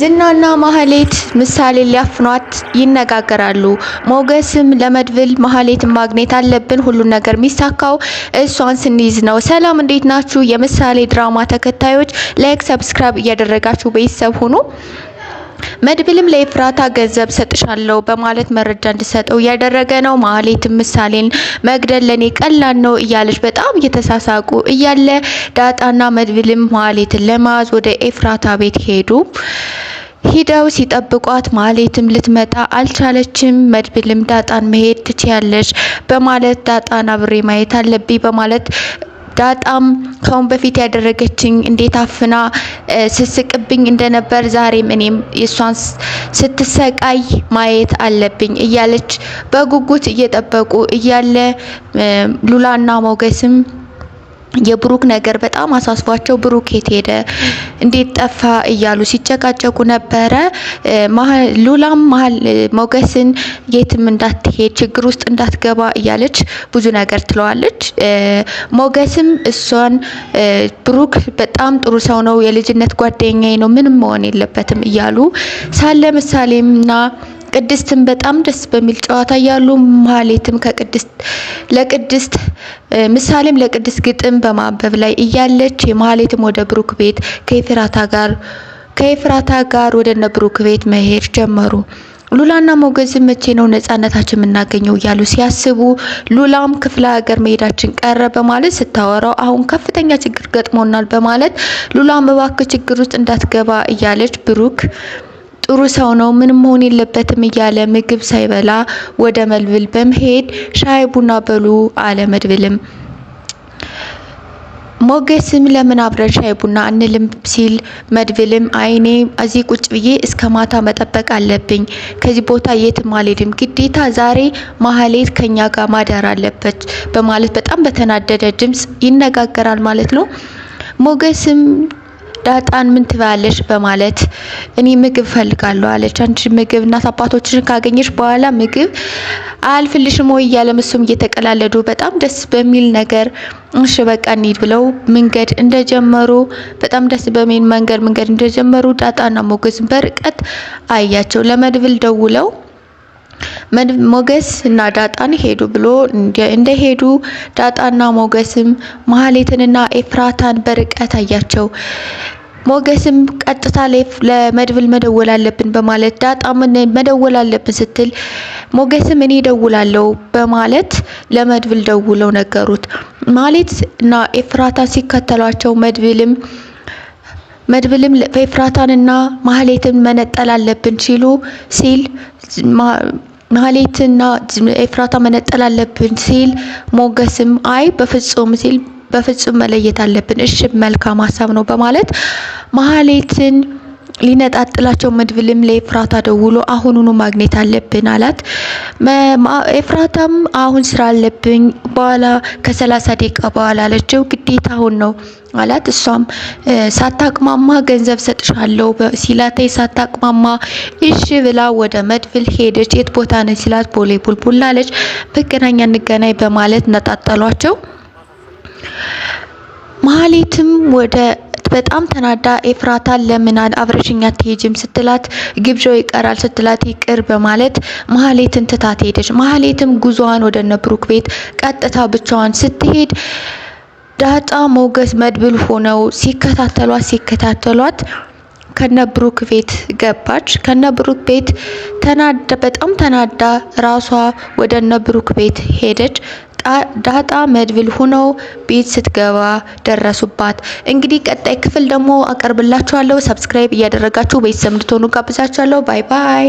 ዝናና ማህሌት ምሳሌ ሊያፍኗት ይነጋገራሉ። ሞገስም ለመድብል ማህሌት ማግኘት አለብን፣ ሁሉን ነገር የሚሳካው እሷን ስንይዝ ነው። ሰላም እንዴት ናችሁ? የምሳሌ ድራማ ተከታዮች ላይክ፣ ሰብስክራይብ እያደረጋችሁ ቤተሰብ ሁኑ። መድብልም ለኤፍራታ ገንዘብ ሰጥሻለሁ በማለት መረጃ እንድሰጠው እያደረገ ነው። ማህሌትም ምሳሌን መግደል ለእኔ ቀላል ነው እያለች በጣም እየተሳሳቁ እያለ ዳጣና መድብልም ማህሌትን ለመያዝ ወደ ኤፍራታ ቤት ሄዱ። ሂደው ሲጠብቋት ማሌትም ልትመጣ አልቻለችም። መድብልም ዳጣን መሄድ ትችያለች በማለት ዳጣን አብሬ ማየት አለብኝ በማለት ዳጣም ከሁን በፊት ያደረገችኝ እንዴት አፍና ስስቅብኝ እንደነበር ዛሬም እኔም የእሷን ስትሰቃይ ማየት አለብኝ እያለች በጉጉት እየጠበቁ እያለ ሉላና ሞገስም የብሩክ ነገር በጣም አሳስቧቸው ብሩክ የት ሄደ እንዴት ጠፋ እያሉ ሲጨቃጨቁ ነበረ። ሉላም መሀል ሞገስን የትም እንዳትሄድ ችግር ውስጥ እንዳትገባ እያለች ብዙ ነገር ትለዋለች። ሞገስም እሷን ብሩክ በጣም ጥሩ ሰው ነው፣ የልጅነት ጓደኛዬ ነው፣ ምንም መሆን የለበትም እያሉ ሳለ ምሳሌምና ቅድስትን በጣም ደስ በሚል ጨዋታ እያሉ ማህሌትም ከቅድስት ለቅድስት ምሳሌም ለቅድስት ግጥም በማንበብ ላይ እያለች የማህሌትም ወደ ብሩክ ቤት ከኤፍራታ ጋር ከኤፍራታ ጋር ወደ እነ ብሩክ ቤት መሄድ ጀመሩ። ሉላና ሞገዝ መቼ ነው ነጻነታችን የምናገኘው እያሉ ሲያስቡ ሉላም ክፍለ ሀገር መሄዳችን ቀረ በማለት ስታወራው አሁን ከፍተኛ ችግር ገጥሞናል በማለት ሉላም እባክህ ችግር ውስጥ እንዳትገባ እያለች ብሩክ ጥሩ ሰው ነው፣ ምን መሆን የለበትም እያለ ምግብ ሳይበላ ወደ መድብል በመሄድ ሻይ ቡና በሉ አለ መድብልም። ሞገስም ለምን አብረን ሻይ ቡና አንልም ሲል መድብልም አይኔ እዚህ ቁጭ ብዬ እስከ ማታ መጠበቅ አለብኝ። ከዚህ ቦታ የትም አልሄድም። ግዴታ ዛሬ ማህሌት ከኛ ጋር ማደር አለበት በማለት በጣም በተናደደ ድምጽ ይነጋገራል ማለት ነው። ሞገስም ዳጣን ምን ትበያለሽ በማለት እኔ ምግብ ፈልጋለሁ አለች። አንቺ ምግብ እናት አባቶችን ካገኘሽ በኋላ ምግብ አያልፍልሽም ወይ እያለም እሱም እየተቀላለዱ በጣም ደስ በሚል ነገር እሺ በቃ እንሂድ ብለው መንገድ እንደጀመሩ በጣም ደስ በሚል መንገድ መንገድ እንደጀመሩ ዳጣና ሞገስ በርቀት አያቸው። ለመድብል ደውለው ሞገስ እና ዳጣን ሄዱ ብሎ እንደሄዱ ዳጣና ሞገስም መሀሌትንና ኤፍራታን በርቀት አያቸው። ሞገስም ቀጥታ ለመድብል መደወል አለብን በማለት ዳጣም መደወል አለብን ስትል ሞገስም እኔ ደውላለው በማለት ለመድብል ደውለው ነገሩት። ማሌት እና ኤፍራታ ሲከተሏቸው መድብልም መድብልም ኤፍራታንና ማህሌትን መነጠል አለብን ሲሉ ሲል ማህሌትና ኤፍራታ መነጠል አለብን ሲል ሞገስም አይ በፍጹም ሲል በፍጹም መለየት አለብን። እሺ መልካም ሀሳብ ነው በማለት ማህሌትን ሊነጣጥላቸው መድብልም ለኤፍራታ ደውሎ አሁኑኑ ማግኘት አለብን አላት። ኤፍራታም አሁን ስራ አለብኝ በኋላ ከሰላሳ ደቂቃ በኋላ አለችው። ግዴታ አሁን ነው አላት። እሷም ሳታቅማማ ገንዘብ ሰጥሻለሁ ሲላተይ ሳታቅማማ እሺ ብላ ወደ መድብል ሄደች። የት ቦታ ነች ሲላት ቦሌ ቡልቡል አለች። መገናኛ እንገናኝ በማለት ነጣጠሏቸው። መሀሌትም ወደ በጣም ተናዳ ኤፍራታን ለምናል አብረሽኛ አትሄጂም ስትላት ግብዣው ይቀራል ስትላት ይቅር በማለት መሀሌትን ትታት ሄደች። መሀሌትም ጉዞዋን ወደ ነብሩክ ቤት ቀጥታ ብቻዋን ስትሄድ ዳጣ ሞገስ መድብል ሆነው ሲከታተሏት ሲከታተሏት ከነብሩክ ቤት ገባች። ከነብሩክ ቤት ተናዳ በጣም ተናዳ ራሷ ወደ ነብሩክ ቤት ሄደች። ዳጣ መድብል ሁነው ቤት ስትገባ ደረሱባት። እንግዲህ ቀጣይ ክፍል ደግሞ አቀርብላችኋለሁ። ሰብስክራይብ እያደረጋችሁ ቤተሰብ እንድትሆኑ ጋብዛችኋለሁ። ባይ ባይ።